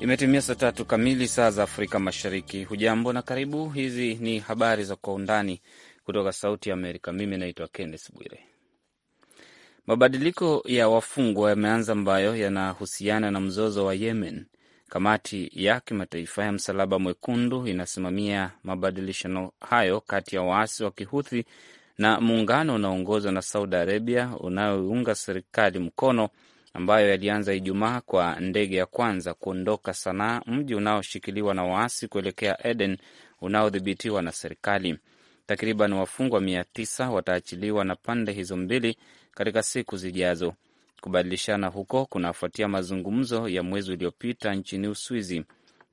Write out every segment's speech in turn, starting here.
Imetimia saa tatu kamili saa za Afrika Mashariki. Hujambo na karibu. Hizi ni habari za Kwa Undani kutoka Sauti ya Amerika. Mimi naitwa Kenneth Bwire. Mabadiliko ya wafungwa yameanza ambayo yanahusiana na mzozo wa Yemen. Kamati ya Kimataifa ya Msalaba Mwekundu inasimamia mabadilishano hayo kati ya waasi wa Kihuthi na muungano unaoongozwa na Saudi Arabia unayoiunga serikali mkono, ambayo yalianza Ijumaa kwa ndege ya kwanza kuondoka Sanaa, mji unaoshikiliwa na waasi kuelekea Eden unaodhibitiwa na serikali. Takriban wafungwa mia tisa wataachiliwa na pande hizo mbili katika siku zijazo. Kubadilishana huko kunafuatia mazungumzo ya mwezi uliopita nchini Uswizi.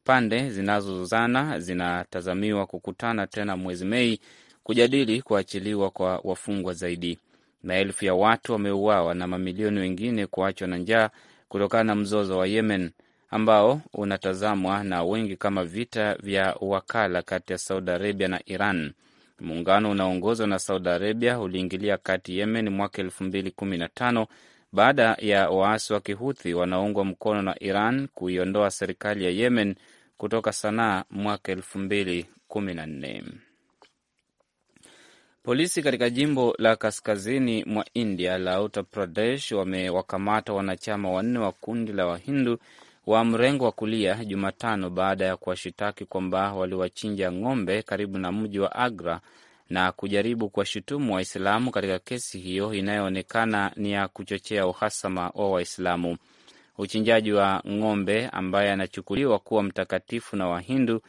Pande zinazozozana zinatazamiwa kukutana tena mwezi Mei kujadili kuachiliwa kwa wafungwa zaidi. Maelfu ya watu wameuawa na mamilioni wengine kuachwa na njaa kutokana na mzozo wa Yemen ambao unatazamwa na wengi kama vita vya wakala kati ya Saudi Arabia na Iran. Muungano unaoongozwa na Saudi Arabia uliingilia kati Yemen mwaka elfu mbili kumi na tano baada ya waasi wa Kihuthi wanaoungwa mkono na Iran kuiondoa serikali ya Yemen kutoka Sanaa mwaka elfu mbili kumi na nne. Polisi katika jimbo la kaskazini mwa India la Uttar Pradesh wamewakamata wanachama wanne wa kundi la Wahindu wa mrengo wa kulia Jumatano baada ya kuwashitaki kwamba waliwachinja ng'ombe karibu na mji wa Agra na kujaribu kuwashutumu Waislamu katika kesi hiyo inayoonekana ni ya kuchochea uhasama wa Waislamu. Uchinjaji wa ng'ombe ambaye anachukuliwa kuwa mtakatifu na Wahindu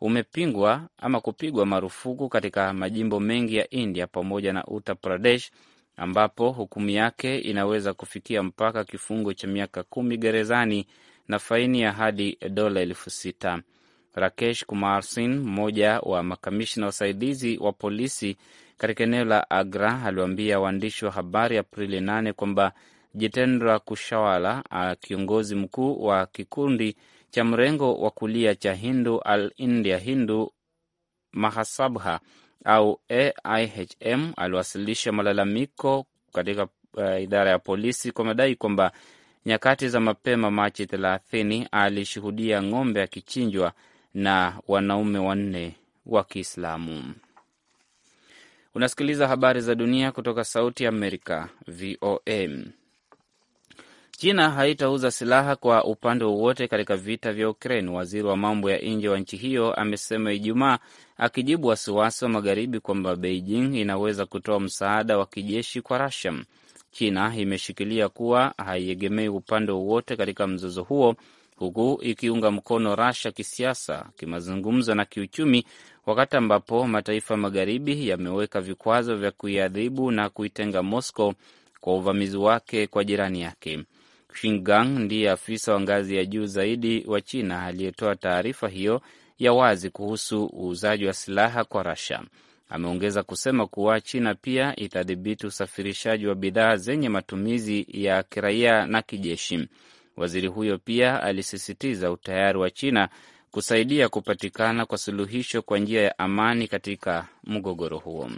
umepingwa ama kupigwa marufuku katika majimbo mengi ya India pamoja na Uttar Pradesh, ambapo hukumu yake inaweza kufikia mpaka kifungo cha miaka kumi gerezani na faini ya hadi dola elfu sita. Rakesh Kumar Sin, mmoja wa makamishna wasaidizi wa polisi katika eneo la Agra, aliwaambia waandishi wa habari Aprili 8 kwamba Jitendra Kushawala, kiongozi mkuu wa kikundi cha mrengo wa kulia cha Hindu Al India Hindu Mahasabha au AIHM aliwasilisha malalamiko katika uh, idara ya polisi kwa madai kwamba nyakati za mapema Machi 30 alishuhudia ng'ombe akichinjwa na wanaume wanne wa Kiislamu. Unasikiliza habari za dunia kutoka Sauti ya Amerika, VOA. China haitauza silaha kwa upande wowote katika vita vya Ukraine, waziri wa mambo ya nje wa nchi hiyo amesema Ijumaa, akijibu wasiwasi wa magharibi kwamba Beijing inaweza kutoa msaada wa kijeshi kwa Rusia. China imeshikilia kuwa haiegemei upande wowote katika mzozo huo huku ikiunga mkono rasha kisiasa, kimazungumzo na kiuchumi, wakati ambapo mataifa magharibi yameweka vikwazo vya kuiadhibu na kuitenga Moscow kwa uvamizi wake kwa jirani yake. Shingang ndiye afisa wa ngazi ya juu zaidi wa China aliyetoa taarifa hiyo ya wazi kuhusu uuzaji wa silaha kwa rasha Ameongeza kusema kuwa China pia itadhibiti usafirishaji wa bidhaa zenye matumizi ya kiraia na kijeshi. Waziri huyo pia alisisitiza utayari wa China kusaidia kupatikana kwa suluhisho kwa njia ya amani katika mgogoro huo.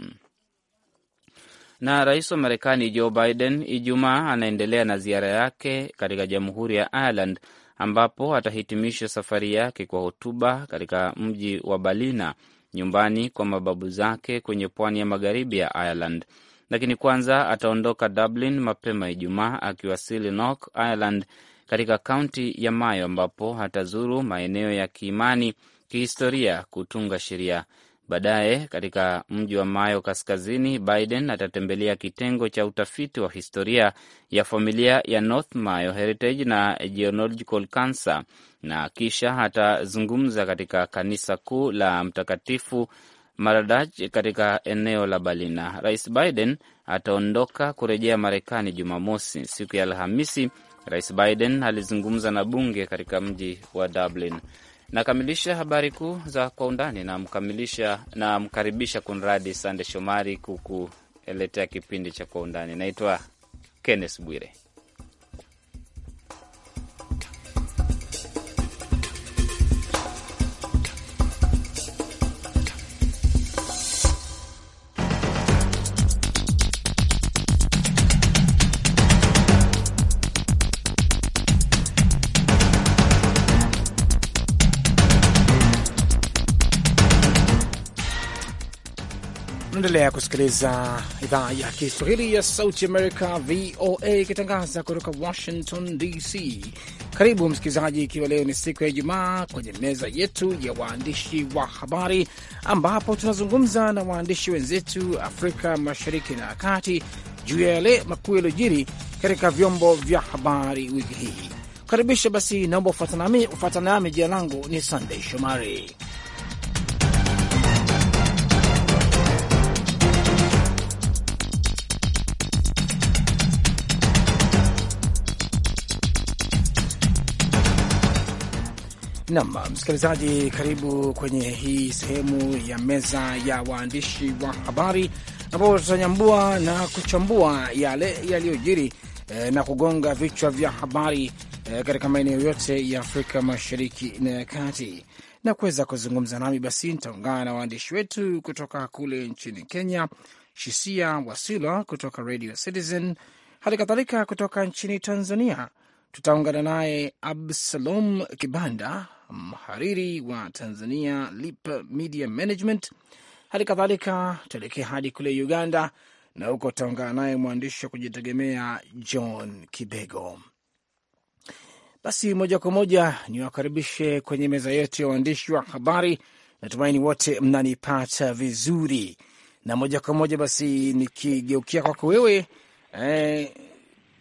Na rais wa Marekani Joe Biden Ijumaa anaendelea na ziara yake katika Jamhuri ya Ireland ambapo atahitimisha safari yake kwa hotuba katika mji wa Balina, nyumbani kwa mababu zake kwenye pwani ya magharibi ya Ireland. Lakini kwanza ataondoka Dublin mapema Ijumaa akiwasili North Ireland katika kaunti ya Mayo, ambapo atazuru maeneo ya kiimani, kihistoria, kutunga sheria. Baadaye katika mji wa Mayo Kaskazini, Biden atatembelea kitengo cha utafiti wa historia ya familia ya North Mayo Heritage na Genealogical Cancer, na kisha atazungumza katika kanisa kuu la Mtakatifu Maradaj katika eneo la Balina. Rais Biden ataondoka kurejea Marekani Jumamosi. Siku ya Alhamisi Rais Biden alizungumza na bunge katika mji wa Dublin. Nakamilisha habari kuu za kwa undani na mkaribisha kunradi Sande Shomari kukuletea kipindi cha kwa undani. Naitwa Kenneth Bwire. Unaendelea kusikiliza idhaa ya Kiswahili ya Sauti Amerika, VOA, ikitangaza kutoka Washington DC. Karibu msikilizaji, ikiwa leo ni siku ya Ijumaa, kwenye meza yetu ya waandishi wa habari, ambapo tunazungumza na waandishi wenzetu Afrika Mashariki na Kati juu ya yale makuu yaliyojiri katika vyombo vya habari wiki hii. Karibisha basi, naomba ufuatane nami. Jina langu ni Sandei Shomari. Nam msikilizaji, karibu kwenye hii sehemu ya meza ya waandishi wa habari ambapo tutanyambua na kuchambua yale yaliyojiri eh, na kugonga vichwa vya habari eh, katika maeneo yote ya Afrika Mashariki na ya Kati. Na kuweza kuzungumza nami, basi nitaungana na waandishi wetu kutoka kule nchini Kenya, Shisia Wasila kutoka Radio Citizen, hali kadhalika kutoka nchini Tanzania tutaungana naye Absalom Kibanda mhariri wa Tanzania Lip Media Management. Hali kadhalika tuelekee hadi kule Uganda, na huko utaungana naye mwandishi wa kujitegemea John Kibego. Basi moja kwa moja niwakaribishe kwenye meza yetu ya waandishi wa habari. Natumaini wote mnanipata vizuri, na moja kwa moja basi nikigeukia kwako wewe eh,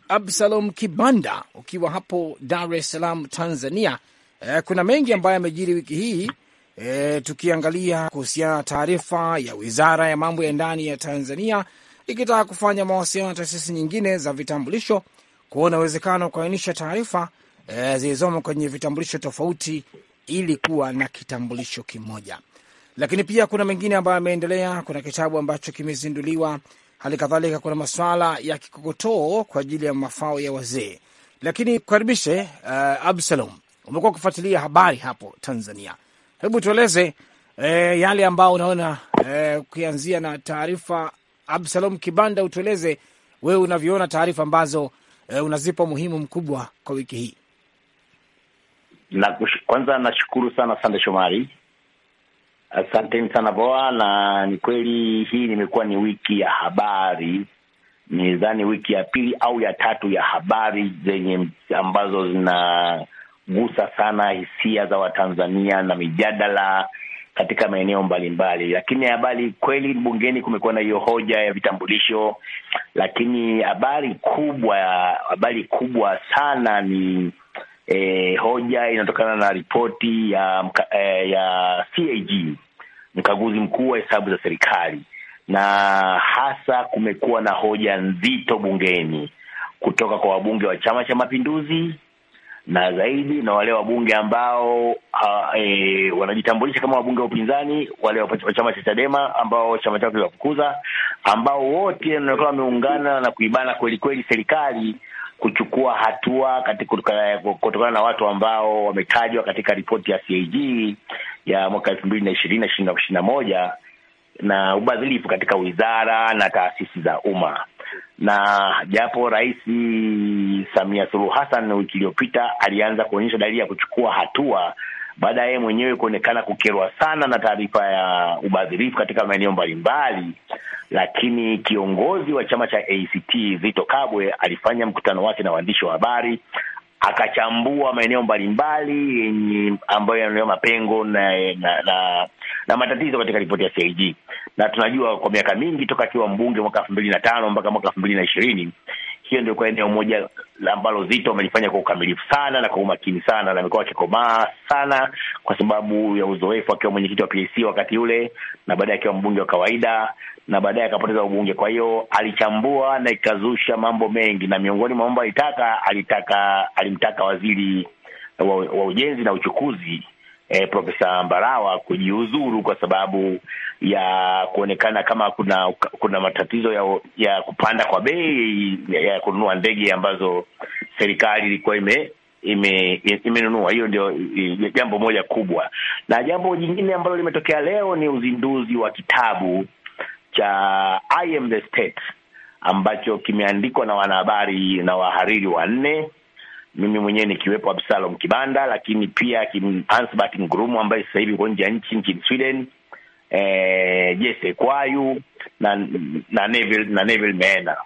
Absalom Kibanda, ukiwa hapo Dar es Salaam, Tanzania. E, kuna mengi ambayo yamejiri wiki hii e, tukiangalia kuhusiana na taarifa ya Wizara ya Mambo ya Ndani ya Tanzania ikitaka kufanya mawasiliano na taasisi nyingine za vitambulisho kuona uwezekano wa kuainisha taarifa e, zilizomo kwenye vitambulisho tofauti ili kuwa na kitambulisho kimoja. Lakini pia kuna mengine ambayo yameendelea. Kuna kitabu ambacho kimezinduliwa, hali kadhalika kuna maswala ya kikokotoo kwa ajili ya mafao ya wazee. Lakini kukaribishe uh, Absalom umekuwa ukifuatilia habari hapo Tanzania, hebu tueleze e, yale ambayo unaona e, ukianzia na taarifa Absalom Kibanda, utueleze wewe unavyoona taarifa ambazo e, unazipa umuhimu mkubwa kwa wiki hii. Na kwanza nashukuru sana Sande Shomari, asanteni sana VOA, na ni kweli hii nimekuwa ni wiki ya habari nidhani wiki ya pili au ya tatu ya habari zenye ambazo zina kugusa sana hisia za Watanzania na mijadala katika maeneo mbalimbali, lakini habari kweli, bungeni kumekuwa na hiyo hoja ya vitambulisho, lakini habari kubwa, habari kubwa sana ni e, hoja inatokana na ripoti ya eh, ya CAG, mkaguzi mkuu wa hesabu za serikali, na hasa kumekuwa na hoja nzito bungeni kutoka kwa wabunge wa Chama cha Mapinduzi na zaidi na wale wabunge ambao ha, e, wanajitambulisha kama wabunge wa upinzani wale wa chama cha Chadema ambao chama chao kiliwafukuza, ambao wote wanaonekana wameungana na kuibana kweli kweli serikali kuchukua hatua kutokana na watu ambao wametajwa katika ripoti ya CAG ya mwaka elfu mbili na ishirini na ishirini na moja na ubadhilifu katika wizara na taasisi za umma na japo Rais Samia Suluhu Hassan wiki iliyopita alianza kuonyesha dalili ya kuchukua hatua baada ya yeye mwenyewe kuonekana kukerwa sana na taarifa ya ubadhirifu katika maeneo mbalimbali, lakini kiongozi wa chama cha ACT Zito Kabwe alifanya mkutano wake na waandishi wa habari akachambua maeneo mbalimbali yenye ambayo yana mapengo na na, na na matatizo katika ripoti ya CAG, na tunajua kwa miaka mingi toka akiwa mbunge mwaka elfu mbili na tano mpaka mwaka elfu mbili na ishirini hiyo ndio kwa eneo moja ambalo Zito amelifanya kwa ukamilifu sana na kwa umakini sana, na amekuwa akikomaa sana kwa sababu ya uzoefu akiwa mwenyekiti wa PAC wakati ule, na baadaye akiwa mbunge wa kawaida, na baadaye akapoteza ubunge. Kwa hiyo alichambua na ikazusha mambo mengi, na miongoni mwa mambo alitaka alitaka alimtaka waziri wa, wa ujenzi na uchukuzi eh, Profesa Mbarawa kujiuzuru kwa sababu ya kuonekana kama kuna kuna matatizo ya, ya kupanda kwa bei ya, ya kununua ndege ambazo serikali ilikuwa ime imenunua ime. Hiyo ndio jambo moja kubwa, na jambo jingine ambalo limetokea leo ni uzinduzi wa kitabu cha I am the State ambacho kimeandikwa na wanahabari na wahariri wanne mimi mwenyewe nikiwepo Absalom Kibanda, lakini pia Kim Hansbert Ngurumo ambaye sasa hivi uko nje ya nchi nchini Sweden, e, Jesse Kwayu na na Neville, na Neville Meena.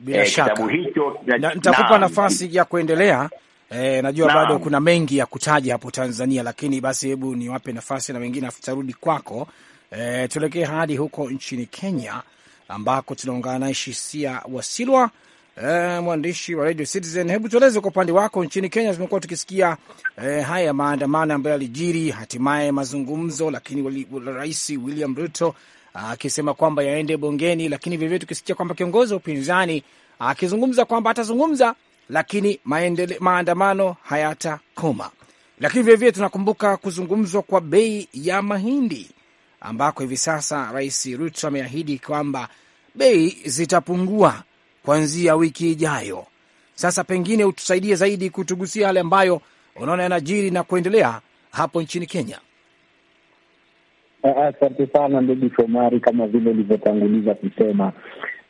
Bila e, shaka hicho nitakupa na, na, nafasi ya kuendelea e, najua na, bado kuna mengi ya kutaja hapo Tanzania, lakini basi hebu niwape nafasi na wengine tarudi kwako. E, tuelekee hadi huko nchini Kenya ambako tunaungana naye Shisia Wasilwa eh, mwandishi wa Radio Citizen. Hebu tueleze kwa upande wako, nchini Kenya tumekuwa tukisikia eh, haya maandamano ambayo yalijiri, hatimaye mazungumzo, lakini Rais William Ruto ah, akisema kwamba yaende bungeni, lakini vilevile tukisikia kwamba kiongozi wa upinzani ah, akizungumza kwamba atazungumza, lakini maendele, maandamano hayatakoma. Lakini vilevile tunakumbuka kuzungumzwa kwa bei ya mahindi ambako hivi sasa Rais Ruto ameahidi kwamba bei zitapungua kuanzia wiki ijayo. Sasa pengine utusaidie zaidi kutugusia yale ambayo unaona yanajiri na kuendelea hapo nchini Kenya. Asante sana ndugu Shomari, kama vile ulivyotanguliza kusema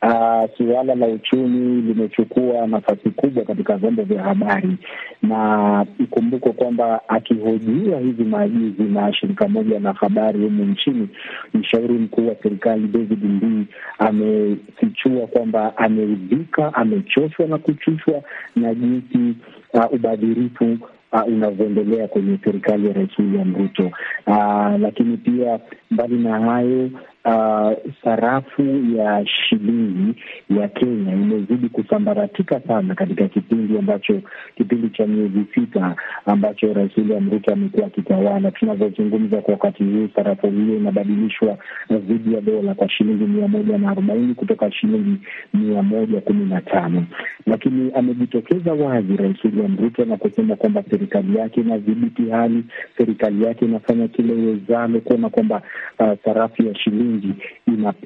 uh, suala la uchumi limechukua nafasi kubwa katika vyombo vya habari, na ikumbukwe kwamba akihojiwa hivi majuzi na shirika moja la habari humu nchini, mshauri mkuu wa serikali David Ndii amefichua kwamba ameudhika, amechoshwa na kuchushwa na jinsi uh, ubadhirifu Uh, unavyoendelea kwenye serikali ya Rais William Ruto. Uh, lakini pia Mbali na hayo, uh, sarafu ya shilingi ya Kenya imezidi kusambaratika sana katika kipindi ambacho kipindi cha miezi sita ambacho Rais William Ruto amekuwa akitawala. Tunavyozungumza kwa wakati huu, sarafu hiyo inabadilishwa dhidi ya dola kwa shilingi mia moja na arobaini kutoka shilingi mia moja kumi na tano lakini amejitokeza wazi Rais William Ruto na kusema kwamba serikali yake inadhibiti hali, serikali yake inafanya kile iwezalo kuona kwamba Uh, sarafu uh, ya shilingi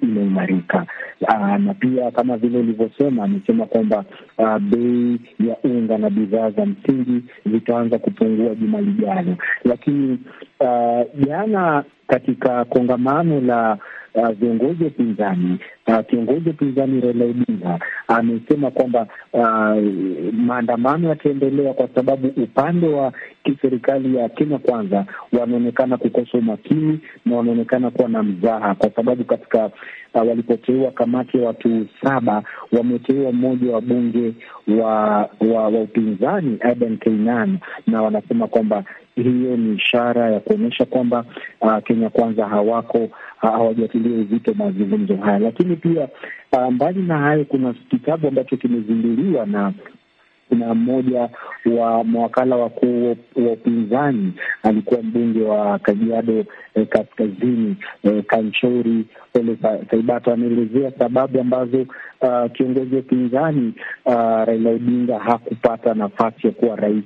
imeimarika uh, na pia kama vile ulivyosema, amesema kwamba uh, bei ya unga na bidhaa za msingi zitaanza kupungua juma lijalo, lakini uh, jana uh, katika kongamano la uh, viongozi wa upinzani uh, kiongozi wa upinzani Raila Odinga amesema kwamba uh, maandamano yataendelea kwa sababu upande wa kiserikali ya Kenya Kwanza wanaonekana kukosa umakini na wanaonekana kuwa na mzaha, kwa sababu katika uh, walipoteua kamati ya watu saba, wameteua mmoja wa bunge wa wa, wa upinzani Adan Keynan, na wanasema kwamba hiyo ni ishara ya kuonyesha kwamba uh, Kenya Kwanza hawako hawajatilia uzito mazungumzo haya. Lakini pia uh, mbali na hayo, kuna kitabu ambacho kimezinduliwa na kuna mmoja wa mawakala wakuu wa upinzani alikuwa mbunge wa Kajiado eh, Kaskazini eh, Kanchori Ole Saibata ameelezea sababu ambazo uh, kiongozi wa upinzani uh, Raila Odinga hakupata nafasi ya kuwa rais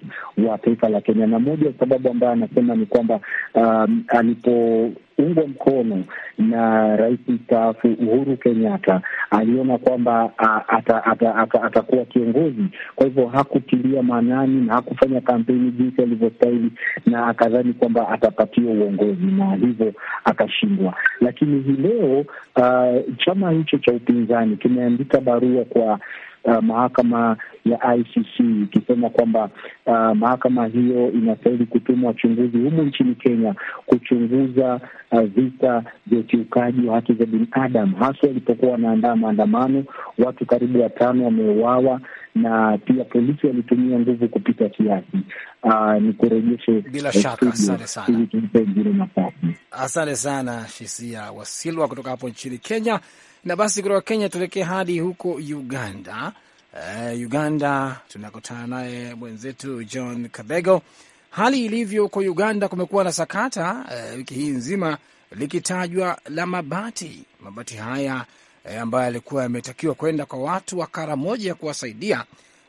wa taifa la Kenya, na moja ya sababu ambayo anasema ni kwamba um, alipo kuungwa mkono na rais mstaafu Uhuru Kenyatta, aliona kwamba atakuwa ata, ata, ata kiongozi. Kwa hivyo hakutilia maanani na hakufanya kampeni jinsi alivyostahili, na akadhani kwamba atapatiwa uongozi na hivyo akashindwa. Lakini hii leo uh, chama hicho cha upinzani kimeandika barua kwa uh, mahakama ya ICC ikisema kwamba uh, mahakama hiyo inastahili kutuma wachunguzi humu nchini Kenya kuchunguza uh, vita vya ukiukaji wa haki za binadamu, haswa walipokuwa wanaandaa maandamano. Watu karibu watano wameuawa na pia polisi walitumia nguvu kupita kiasi. Uh, ni kurejeshe bila shaka. Asante sana, asante sana Shisia Wasilwa kutoka hapo nchini Kenya. Na basi kutoka Kenya tuelekee hadi huko Uganda. Uh, Uganda tunakutana naye mwenzetu John Kabego. Hali ilivyo huko Uganda, kumekuwa na sakata uh, wiki hii nzima likitajwa la mabati mabati haya eh, ambayo yalikuwa yametakiwa kwenda kwa watu wa kara moja ya kuwasaidia.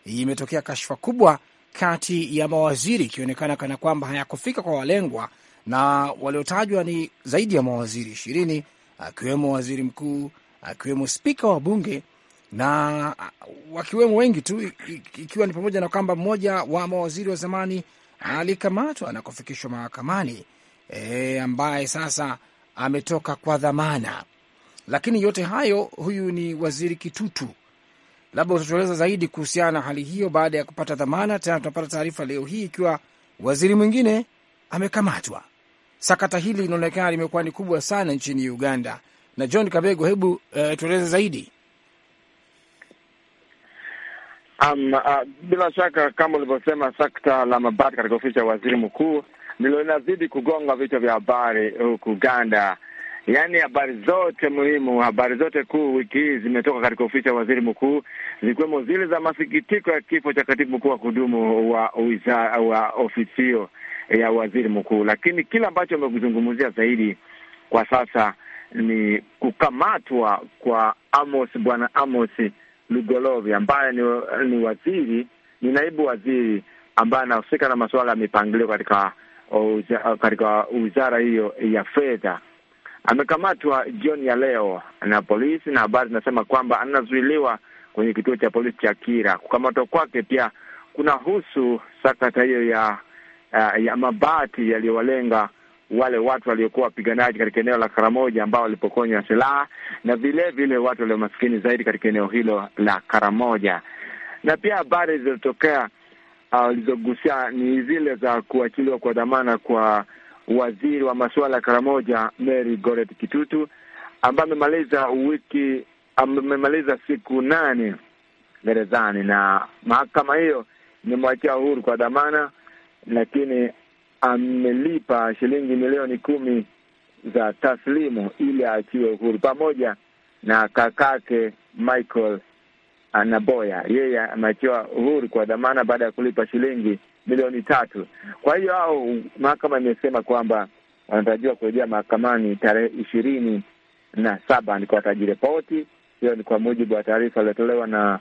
Imetokea kashfa kubwa kati ya mawaziri, ikionekana kana kwamba hayakufika kwa walengwa, na waliotajwa ni zaidi ya mawaziri ishirini, akiwemo waziri mkuu akiwemo spika wa bunge na uh, wakiwemo wengi tu, ikiwa ni pamoja na kwamba mmoja wa mawaziri wa zamani alikamatwa na kufikishwa mahakamani e, ambaye sasa ametoka kwa dhamana. Lakini yote hayo, huyu ni waziri Kitutu. Labda utatueleza zaidi kuhusiana na hali hiyo baada ya kupata dhamana. Tena tunapata taarifa leo hii ikiwa waziri mwingine amekamatwa. Sakata hili linaonekana limekuwa ni kubwa sana nchini Uganda na John Kabego, hebu uh, tueleze zaidi. Um, uh, bila shaka kama ulivyosema, sekta la mabati katika ofisi ya waziri mkuu ndilo linazidi kugonga vichwa vya habari huku Uganda. Yaani, habari zote muhimu, habari zote kuu wiki hii zimetoka katika ofisi ya waziri mkuu, zikiwemo zile za masikitiko ya kifo cha katibu mkuu wa kudumu wa wizara wa ofisi hiyo ya waziri mkuu. Lakini kile ambacho amekuzungumzia zaidi kwa sasa ni kukamatwa kwa Amos, bwana Amos Lugolovi ambaye ni, ni waziri ni naibu waziri ambaye anahusika na masuala ya mipangilio katika katika wizara hiyo ya fedha. Amekamatwa jioni ya leo na polisi, na habari zinasema kwamba anazuiliwa kwenye kituo cha polisi cha Kira. Kukamatwa kwake pia kunahusu sakata hiyo ya, ya mabati yaliyowalenga wale watu waliokuwa wapiganaji katika eneo la Karamoja ambao walipokonya silaha na vile vile watu walio maskini zaidi katika eneo hilo la Karamoja. Na pia habari zilizotokea walizogusia uh, ni zile za kuachiliwa kwa dhamana kwa waziri wa masuala ya Karamoja Mary Goret Kitutu ambaye amemaliza wiki amemaliza siku nane gerezani na mahakama hiyo imemwachia uhuru kwa dhamana, lakini amelipa shilingi milioni kumi za taslimu ili aachiwe uhuru, pamoja na kakake Michael Anaboya, yeye ameachiwa uhuru kwa dhamana baada ya kulipa shilingi milioni tatu. Kwa hiyo au mahakama imesema kwamba wanatarajiwa kurejea mahakamani tarehe ishirini na saba ndiko watajiripoti. Hiyo ni kwa mujibu wa taarifa iliyotolewa na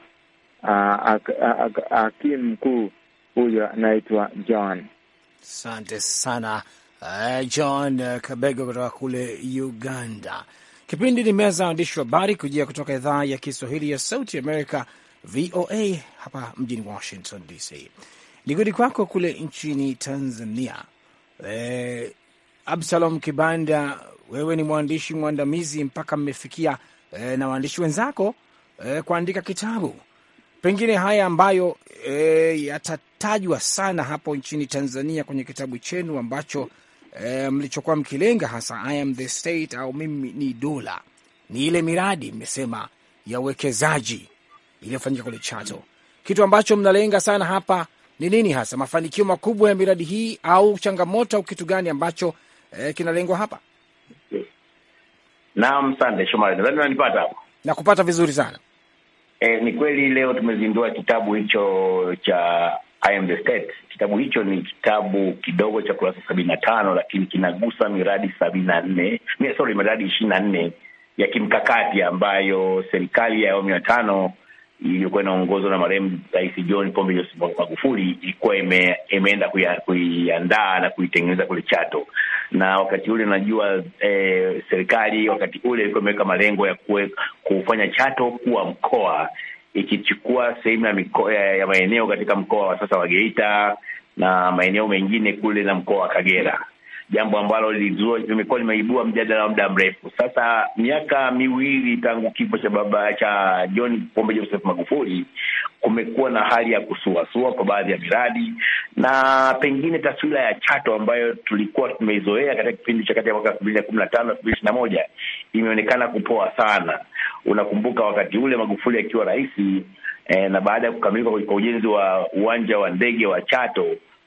uh, hakimu mkuu huyo anaitwa John Asante sana uh, John uh, Kabego kutoka kule Uganda. Kipindi ni meza waandishi wa habari kujia kutoka idhaa ya Kiswahili ya Sauti Amerika, VOA hapa mjini Washington DC. Nigodi kwako kule nchini Tanzania. E, Absalom Kibanda, wewe ni mwandishi mwandamizi mpaka mmefikia e, na waandishi wenzako e, kuandika kitabu pengine haya ambayo e, yatatajwa sana hapo nchini Tanzania kwenye kitabu chenu ambacho e, mlichokuwa mkilenga hasa I am the state au mimi ni dola, ni ile miradi mmesema ya uwekezaji iliyofanyika kule Chato. Kitu ambacho mnalenga sana hapa ni nini hasa, mafanikio makubwa ya miradi hii au changamoto au kitu gani ambacho e, kinalengwa hapa? Naam, Sande Shomari, Nakupata vizuri sana. E, ni kweli leo tumezindua kitabu hicho cha I am the State. Kitabu hicho ni kitabu kidogo cha kurasa sabini na tano lakini kinagusa miradi sabini na nne sorry miradi ishirini na nne ya kimkakati ambayo serikali ya awamu ya tano iliyokuwa inaongozwa na marehemu Rais John Pombe Joseph Magufuli ilikuwa ime, imeenda kuiandaa na kuitengeneza kule Chato, na wakati ule najua eh, serikali wakati ule ilikuwa imeweka malengo ya kue, kufanya Chato kuwa mkoa ikichukua sehemu ya ya maeneo katika mkoa wa sasa wa Geita na maeneo mengine kule na mkoa wa Kagera jambo ambalo limekuwa limeibua mjadala wa muda mrefu. Sasa miaka miwili tangu kifo cha baba cha John Pombe Joseph Magufuli, kumekuwa na hali ya kusuasua kwa baadhi ya miradi na pengine taswira ya Chato ambayo tulikuwa tumeizoea katika kipindi cha kati ya mwaka elfu mbili na kumi na tano elfu mbili ishirini na moja imeonekana kupoa sana. Unakumbuka wakati ule Magufuli akiwa rais eh, na baada ya kukamilika kwa ujenzi wa uwanja wa ndege wa Chato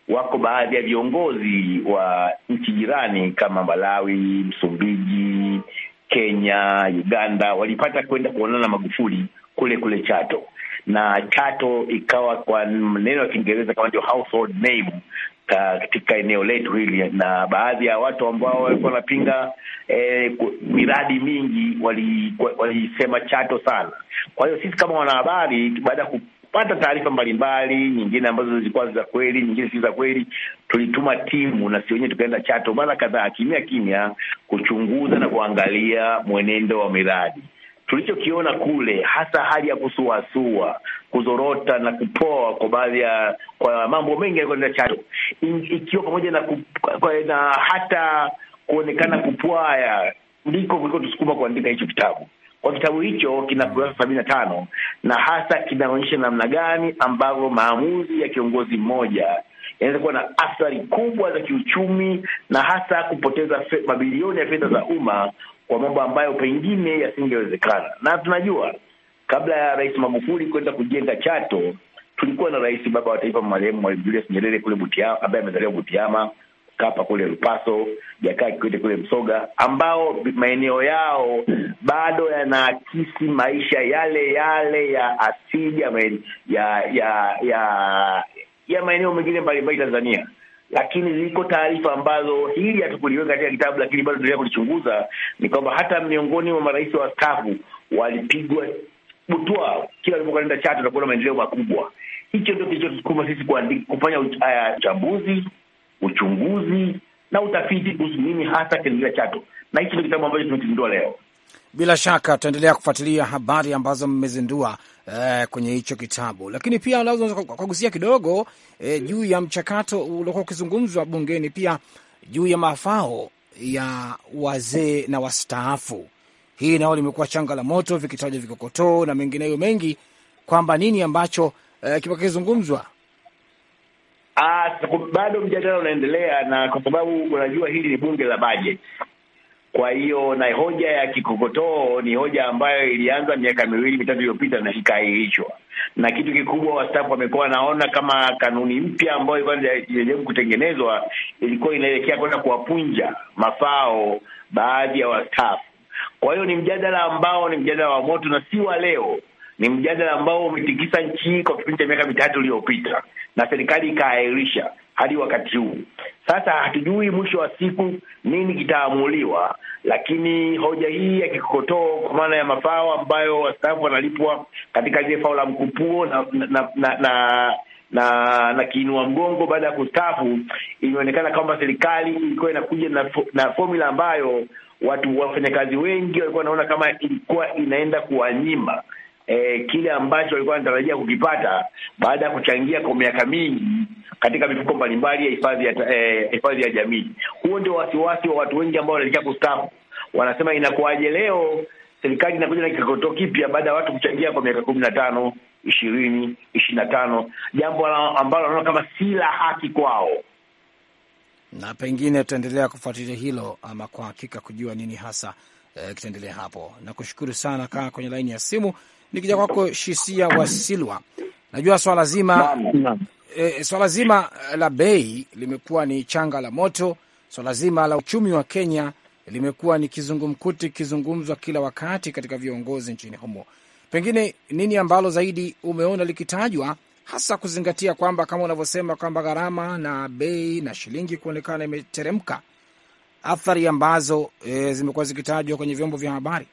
wako baadhi ya viongozi wa nchi jirani kama Malawi, Msumbiji, Kenya, Uganda walipata kwenda kuonana na Magufuli kule kule Chato, na Chato ikawa kwa maneno ya Kiingereza kama ndio household name katika eneo letu hili, na baadhi ya watu ambao walikuwa wanapinga eh, miradi mingi walisema wali Chato sana. Kwa hiyo sisi kama wanahabari, baada ya kupata taarifa mbalimbali, nyingine ambazo zilikuwa za kweli, nyingine si za kweli. Tulituma timu na si wenyewe, tukaenda Chato mara kadhaa, kimya kimya, kuchunguza na kuangalia mwenendo wa miradi. Tulichokiona kule, hasa hali ya kusuasua, kuzorota na kupoa kwa baadhi ya kwa mambo mengi yaliyoenda Chato, ikiwa pamoja na, na hata kuonekana kupwaya ndiko kuliko tusukuma kuandika hicho kitabu kwa kitabu hicho kina kurasa sabini na tano na hasa kinaonyesha namna gani ambavyo maamuzi ya kiongozi mmoja yanaweza kuwa na athari kubwa za kiuchumi na hasa kupoteza mabilioni ya fedha za umma kwa mambo ambayo pengine yasingewezekana. Na tunajua kabla ya Rais Magufuli kuenda kujenga Chato, tulikuwa na rais baba wa taifa marehemu Mwalimu Julius Nyerere kule Butiama, ambaye amezaliwa Butiama Kapa kule Lupaso, Jakaya Kikwete kule Msoga, ambao maeneo yao bado yanaakisi maisha yale yale ya asili ya ya ya ya, ya maeneo mengine mbalimbali Tanzania lakini ziko taarifa ambazo hili hatukuliweka katika kitabu, lakini bado tunaendelea kulichunguza, ni kwamba hata miongoni mwa marais wastaafu walipigwa butwa kila walipokwenda Chato na kuona maendeleo makubwa. Hicho ndio kilichotusukuma sisi kuandika, kufanya uchambuzi uh, uchunguzi na utafiti kuhusu nini hasa kinaendelea Chato, na hichi ndio kitabu ambacho tumekizindua leo. Bila shaka tutaendelea kufuatilia habari ambazo mmezindua eh, kwenye hicho kitabu, lakini pia unaweza kugusia kidogo eh, juu ya mchakato uliokuwa ukizungumzwa bungeni, pia juu ya mafao ya wazee na wastaafu. Hii nao limekuwa changa la moto, vikitajwa vikokotoo na mengineyo mengi, kwamba nini ambacho eh, kimekizungumzwa Ah, bado mjadala unaendelea, na kwa sababu unajua hili ni bunge la bajeti, kwa hiyo na hoja ya kikokotoo ni hoja ambayo ilianza miaka miwili mitatu iliyopita na ikaahirishwa, na kitu kikubwa wastaafu wamekuwa wanaona kama kanuni mpya ambayo inajaribu kutengenezwa ilikuwa inaelekea kwenda kuwapunja mafao baadhi ya wastaafu. Kwa hiyo ni mjadala ambao ni mjadala wa moto na si wa leo. Ni mjadala ambao umetikisa nchi hii kwa kipindi cha miaka mitatu iliyopita, na serikali ikaahirisha hadi wakati huu. Sasa hatujui mwisho wa siku nini kitaamuliwa, lakini hoja hii ya kikokotoo kwa maana ya mafao ambayo wastaafu wanalipwa katika lile fao la mkupuo na na na, na, na, na, na kiinua mgongo baada ya kustaafu, imeonekana kwamba serikali ilikuwa inakuja na, na fomula ambayo watu wafanyakazi wengi walikuwa wanaona kama ilikuwa inaenda kuwanyima eh, kile ambacho walikuwa wanatarajia kukipata baada ya kuchangia kwa miaka mingi katika mifuko mbalimbali ya hifadhi ya e, hifadhi eh, ya jamii. Huo ndio wasiwasi wa watu wengi ambao wanaelekea kustaafu, wanasema inakuwaje leo serikali inakuja na kikoto kipya baada ya watu kuchangia kwa miaka kumi na tano ishirini ishirini na tano jambo ambalo wanaona kama si la haki kwao na pengine tutaendelea kufuatilia hilo ama kwa hakika kujua nini hasa e, kitaendelea hapo. Nakushukuru sana kaa kwenye laini ya simu nikija kwako Shisia Wasilwa, najua swala zima e, swala zima la bei limekuwa ni changa la moto. Swala zima la uchumi wa Kenya limekuwa ni kizungumkuti kizungumzwa kila wakati katika viongozi nchini humo. Pengine nini ambalo zaidi umeona likitajwa hasa kuzingatia kwamba kama unavyosema kwamba gharama na bei na shilingi kuonekana imeteremka, athari ambazo e, zimekuwa zikitajwa kwenye vyombo vya habari?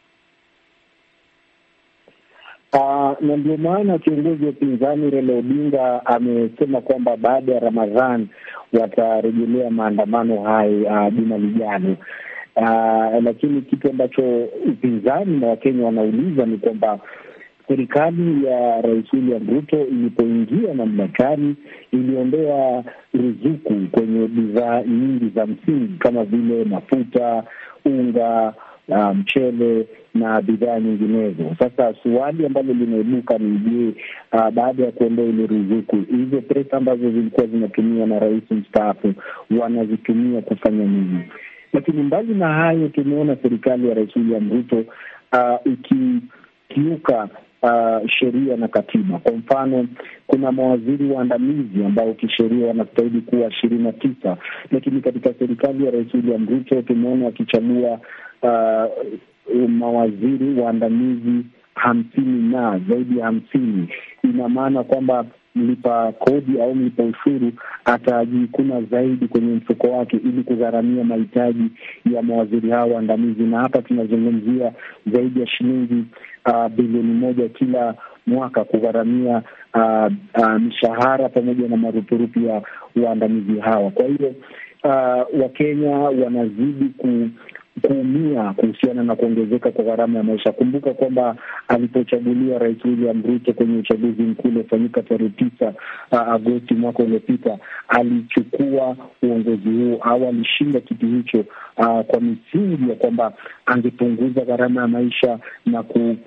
Uh, na ndio maana kiongozi wa upinzani Raila Odinga amesema kwamba baada ya Ramadhan watarejelea maandamano hayo ah, juma lijalo. Uh, lakini kitu ambacho upinzani na Wakenya wanauliza ni kwamba serikali ya Rais William Ruto ilipoingia mamlakani iliondoa ruzuku kwenye bidhaa nyingi za msingi kama vile mafuta, unga mchele na bidhaa nyinginezo. Sasa suali ambalo limeibuka ni je, uh, baada ya kuondoa ile ruzuku, hizo pesa ambazo zilikuwa zinatumia na rais mstaafu wanazitumia kufanya nini? Lakini mbali na hayo, tumeona serikali ya rais William Ruto uh, ikikiuka Uh, sheria na katiba. Kwa mfano, kuna mawaziri waandamizi ambao kisheria wanastahili kuwa ishirini na tisa, lakini katika serikali ya Rais William Ruto tumeona wakichagua uh, um, mawaziri waandamizi hamsini na zaidi ya hamsini. Ina maana kwamba mlipa kodi au mlipa ushuru atajikuna zaidi kwenye mfuko wake ili kugharamia mahitaji ya mawaziri hao waandamizi, na hapa tunazungumzia zaidi ya shilingi uh, bilioni moja kila mwaka kugharamia uh, uh, mishahara pamoja na marupurupu ya waandamizi hawa. Kwa hiyo uh, Wakenya wanazidi ku kuumia kuhusiana na kuongezeka kwa gharama ya maisha. Kumbuka kwamba alipochaguliwa Rais William Ruto kwenye uchaguzi mkuu uliofanyika tarehe tisa Agosti mwaka uliopita, alichukua uongozi huo au alishinda kiti hicho kwa misingi ya kwamba angepunguza gharama ya maisha na ku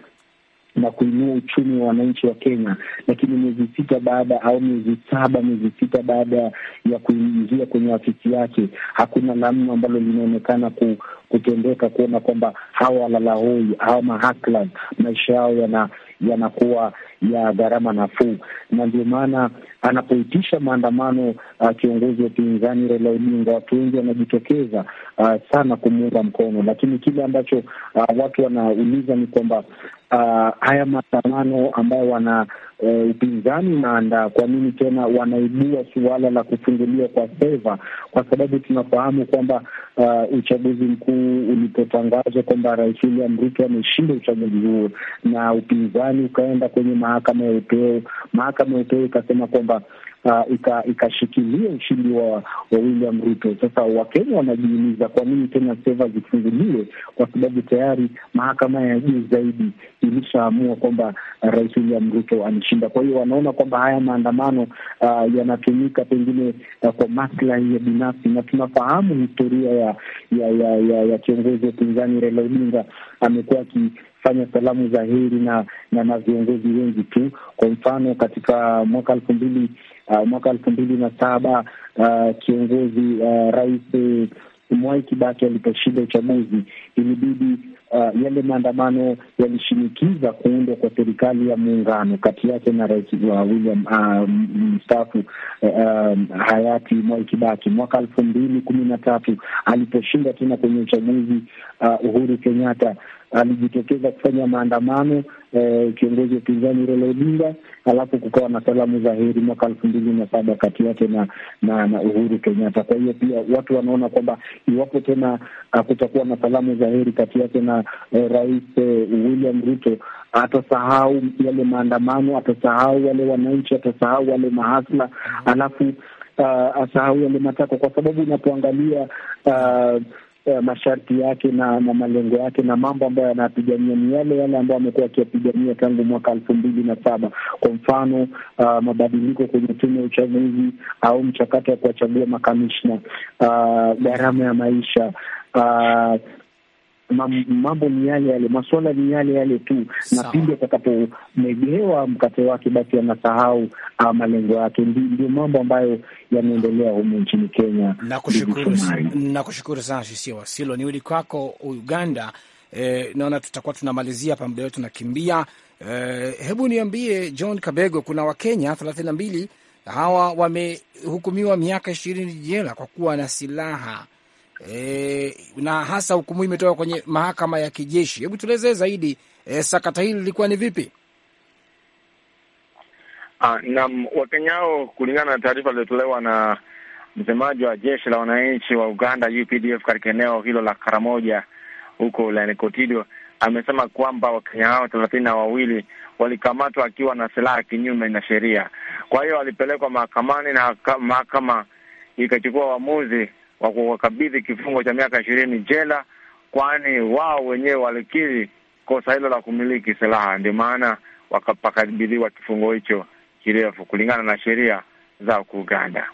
na kuinua uchumi wa wananchi wa Kenya, lakini miezi sita baada au miezi saba miezi sita baada ya kuingia kwenye afisi yake, hakuna namna ambalo linaonekana ku, kutendeka kuona kwamba hawa walalahoi hawa mahakla maisha yao yanakuwa ya gharama nafuu, na ndio maana anapoitisha maandamano uh, kiongozi wa upinzani Raila Odinga, watu wengi wanajitokeza uh, sana kumuunga mkono, lakini kile ambacho uh, watu wanauliza ni kwamba uh, haya maandamano ambayo wana uh, upinzani unaandaa, kwa nini tena wanaibua suala la kufunguliwa kwa seva? Kwa sababu tunafahamu kwamba uh, uchaguzi mkuu ulipotangazwa kwamba Rais William Ruto ameshinda uchaguzi huo na upinzani ukaenda kwenye mahakama ya upeo. Mahakama ya upeo ikasema kwamba uh, ikashikilia ika ushindi wa, wa William Ruto. Sasa Wakenya wanajiuliza kwa nini tena seva zifunguliwe, kwa sababu tayari mahakama ya juu zaidi ilishaamua kwamba rais William Ruto alishinda. Kwa hiyo wanaona kwamba haya maandamano uh, yanatumika pengine uh, kwa maslahi ya binafsi, na tunafahamu historia ya ya ya, ya, ya kiongozi wa upinzani Raila Odinga amekuwa aki fanya salamu za heri na na viongozi wengi tu. Kwa mfano katika mwaka elfu mbili uh, mwaka elfu mbili na saba uh, kiongozi uh, rais uh, Mwai Kibaki aliposhinda uchaguzi ilibidi uh, yale maandamano yalishinikiza kuundwa kwa serikali ya muungano kati yake na rais wa uh, William uh, mstaafu uh, uh, hayati Mwai Kibaki. Mwaka elfu mbili kumi na tatu aliposhinda tena kwenye uchaguzi uh, Uhuru Kenyatta alijitokeza kufanya maandamano Eh, kiongozi wa upinzani Raila Odinga, alafu kukawa na salamu za heri mwaka elfu mbili na saba kati yake na, na, na Uhuru Kenyatta. Kwa hiyo pia watu wanaona kwamba iwapo tena ah, kutakuwa na salamu za heri kati yake na eh, Rais eh, William Ruto atasahau yale maandamano, atasahau wale wananchi, atasahau wale mahasla, alafu uh, asahau yale matako kwa sababu unapoangalia uh, uh, masharti yake na na malengo yake na mambo ambayo yanapigania ni yale yale ambayo amekuwa akiyapigania tangu mwaka elfu mbili na saba. Kwa mfano uh, mabadiliko kwenye tume ya uchaguzi au mchakato wa kuwachagua makamishna, ah, gharama uh, ya maisha uh, mambo ni yale yale, maswala ni yale yale tu, na pindi atakapomegewa mkate wake, basi anasahau ah, malengo yake. Ndio mambo ambayo yanaendelea humu nchini Kenya. Nakushukuru sana Sisia Wasilo. Nirudi kwako Uganda. E, naona tutakuwa tunamalizia hapa, muda wetu nakimbia. E, eh, hebu niambie John Kabego, kuna Wakenya thelathini na mbili hawa wamehukumiwa miaka ishirini jela kwa kuwa na silaha e, na hasa hukumu imetoka kwenye mahakama ya kijeshi. Hebu tueleze zaidi e, sakata hili lilikuwa ni vipi? Ah, naam, Wakenya hao kulingana na taarifa iliyotolewa na msemaji wa jeshi la wananchi wa Uganda UPDF katika eneo hilo la Karamoja huko wilayani Kotido amesema kwamba Wakenya hao thelathini na wawili walikamatwa akiwa na silaha kinyume na sheria. Kwa hiyo walipelekwa mahakamani na mahakama ikachukua uamuzi wa kuwakabidhi kifungo cha miaka ishirini jela, kwani wao wenyewe walikiri kosa hilo la kumiliki silaha, ndio maana wakapakabidhiwa kifungo hicho kirefu kulingana na sheria za huku Uganda.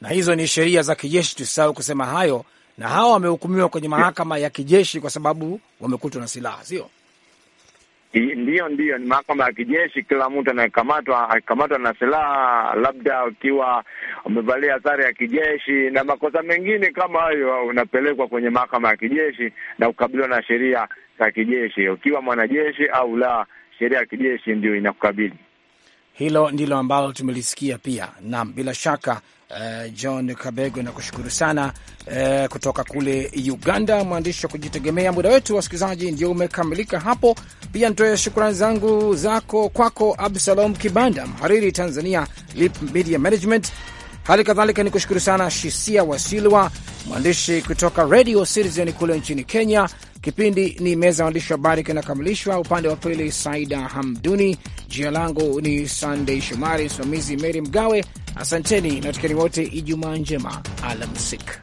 Na hizo ni sheria za kijeshi, tusisahau kusema hayo. Na hawa wamehukumiwa kwenye mahakama ya kijeshi kwa sababu wamekutwa na silaha, sio? Ndiyo, ndiyo, ni mahakama ya kijeshi. Kila mtu anayekamatwa akikamatwa na silaha, labda ukiwa umevalia sare ya kijeshi na makosa mengine kama hayo, unapelekwa kwenye mahakama ya kijeshi na kukabiliwa na sheria za kijeshi, ukiwa mwanajeshi au la, sheria ya kijeshi ndio inakukabili. Hilo ndilo ambalo tumelisikia pia. Naam, bila shaka uh, John Kabego nakushukuru sana uh, kutoka kule Uganda, mwandishi wa kujitegemea. Muda wetu wasikilizaji ndio umekamilika hapo. Pia nitoe shukrani zangu zako kwako Absalom Kibanda, mhariri Tanzania Lip Media Management Hali kadhalika ni kushukuru sana Shisia Wasilwa, mwandishi kutoka Radio Citizen kule nchini Kenya. Kipindi ni meza waandishi wa habari kinakamilishwa. Upande wa pili Saida Hamduni, jina langu ni Sandey Shomari, msimamizi Meri Mgawe. Asanteni na tukeni wote, Ijumaa njema, alamsik.